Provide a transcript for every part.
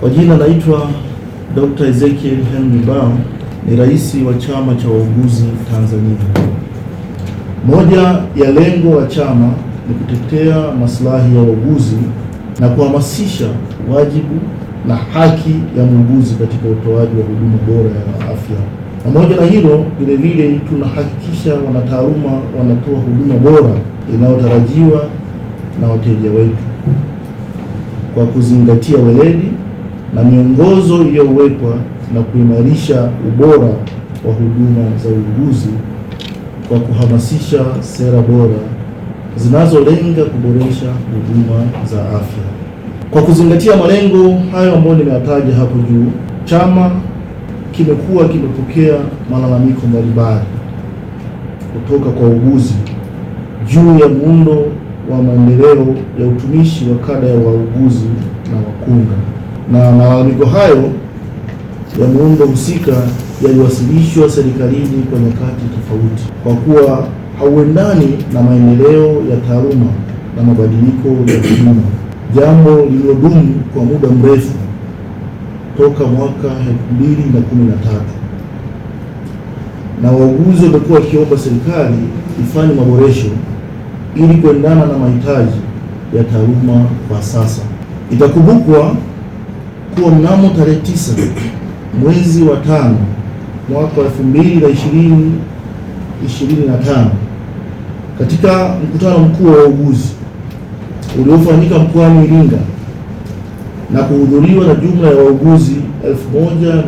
Kwa jina naitwa Dr. Ezekiel Henry Baum, ni rais wa chama cha wauguzi Tanzania. Moja ya lengo la chama ni kutetea maslahi ya wauguzi na kuhamasisha wajibu na haki ya muuguzi katika utoaji wa huduma bora ya afya. Pamoja na hilo, vile vile tunahakikisha wanataaluma wanatoa huduma bora inayotarajiwa na wateja wetu kwa kuzingatia weledi na miongozo iliyowekwa na kuimarisha ubora wa huduma za uuguzi kwa kuhamasisha sera bora zinazolenga kuboresha huduma za afya. Kwa kuzingatia malengo hayo ambayo nimeyataja hapo juu, chama kimekuwa kimepokea malalamiko mbalimbali kutoka kwa wauguzi juu ya muundo wa maendeleo ya utumishi wa kada ya wauguzi na wakunga na malalamiko hayo ya muundo husika yaliwasilishwa serikalini kwa nyakati tofauti, kwa kuwa hauendani na maendeleo ya taaluma na mabadiliko ya huduma, jambo lililodumu kwa muda mrefu toka mwaka 2013 na wauguzi wamekuwa wakiomba serikali ifanye maboresho ili kuendana na mahitaji ya taaluma kwa sasa. Itakumbukwa kuwa mnamo tarehe tisa mwezi wa tano mwaka elfu mbili na ishirini ishirini na tano katika mkutano mkuu wa wauguzi uliofanyika mkoani Iringa na kuhudhuriwa na jumla ya wauguzi 1576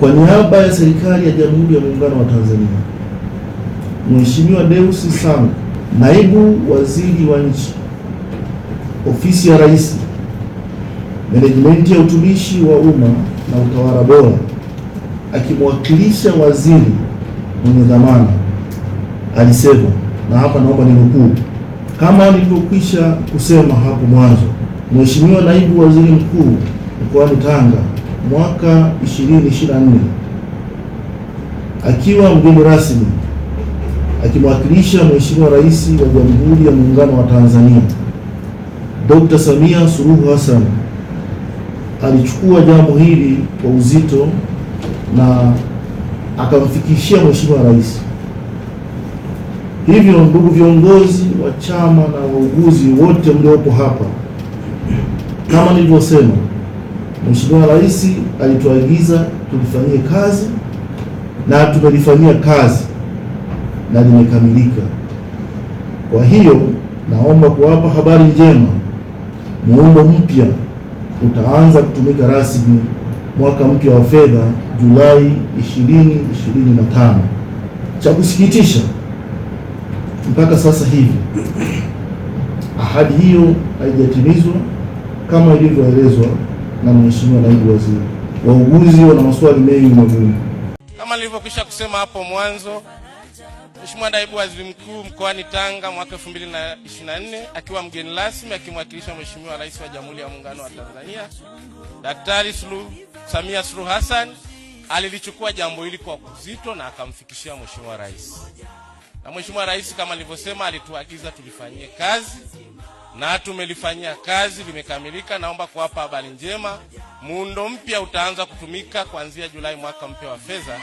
kwa niaba ya serikali ya Jamhuri ya Muungano wa Tanzania, Mheshimiwa Deusi Sang, naibu waziri wa nchi Ofisi ya Rais, menejimenti ya utumishi wa umma na utawala bora, akimwakilisha waziri mwenye dhamana alisema, na hapa naomba ninukuu, kama nilivyokwisha kusema hapo mwanzo, Mheshimiwa Naibu Waziri Mkuu mkoani Tanga mwaka 2024 akiwa mgeni rasmi akimwakilisha Mheshimiwa Rais wa Jamhuri ya Muungano wa Tanzania Dkt. Samia Suluhu Hassan alichukua jambo hili kwa uzito na akamfikishia Mheshimiwa Rais. Hivyo ndugu viongozi wa chama na wauguzi wote mliopo hapa, kama nilivyosema, Mheshimiwa Rais alituagiza tulifanyie kazi na tumelifanyia kazi na limekamilika. Kwa hiyo naomba kuwapa habari njema Muundo mpya utaanza kutumika rasmi mwaka mpya wa fedha Julai 2025. Cha kusikitisha, mpaka sasa hivi ahadi hiyo haijatimizwa kama ilivyoelezwa na Mheshimiwa Naibu Waziri. Wauguzi wana maswali mengi magumu kama nilivyokwisha kusema hapo mwanzo. Mheshimiwa Naibu Waziri Mkuu mkoani Tanga mwaka 2024 akiwa mgeni rasmi akimwakilisha Mheshimiwa Rais wa Jamhuri ya Muungano wa Tanzania Daktari Sulu, Samia Suluhu Hassan alilichukua jambo hili kwa uzito na akamfikishia Mheshimiwa Rais. Na Mheshimiwa Rais kama alivyosema, alituagiza tulifanyie kazi na tumelifanyia kazi, limekamilika. Naomba kuwapa habari njema, muundo mpya utaanza kutumika kuanzia Julai mwaka mpya wa fedha.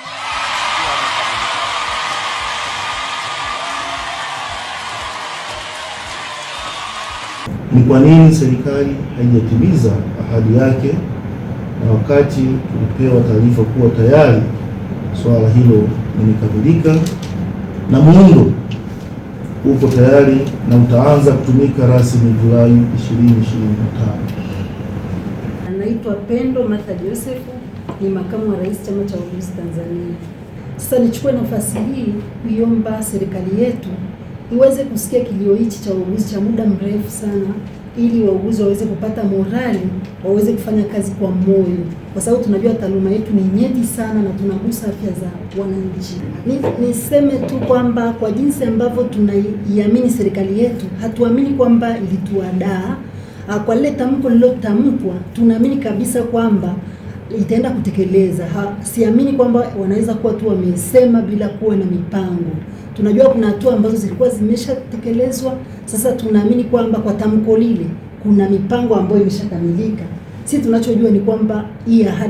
Ni kwa nini serikali haijatimiza ahadi yake, na wakati tulipewa taarifa kuwa tayari swala hilo limekamilika na muundo uko tayari na utaanza kutumika rasmi Julai 2025. Naitwa Pendo Martha Joseph, ni makamu wa rais Chama cha Wauguzi Tanzania. Sasa nichukue nafasi hii kuiomba serikali yetu uweze kusikia kilio hichi cha wauguzi cha muda mrefu sana, ili wauguzi waweze kupata morali, waweze kufanya kazi kwa moyo, kwa sababu tunajua taaluma yetu ni nyeti sana na tunagusa afya za wananchi. Ni niseme tu kwamba kwa jinsi ambavyo tunaiamini serikali yetu, hatuamini kwamba ilituadaa ah, kwa lile tamko lililotamkwa. Tunaamini kabisa kwamba itaenda kutekeleza. Siamini kwamba wanaweza kuwa tu wamesema bila kuwa na mipango tunajua kuna hatua ambazo zilikuwa zimeshatekelezwa. Sasa tunaamini kwamba kwa tamko lile kuna mipango ambayo imeshakamilika. Sisi tunachojua ni kwamba hii ahadi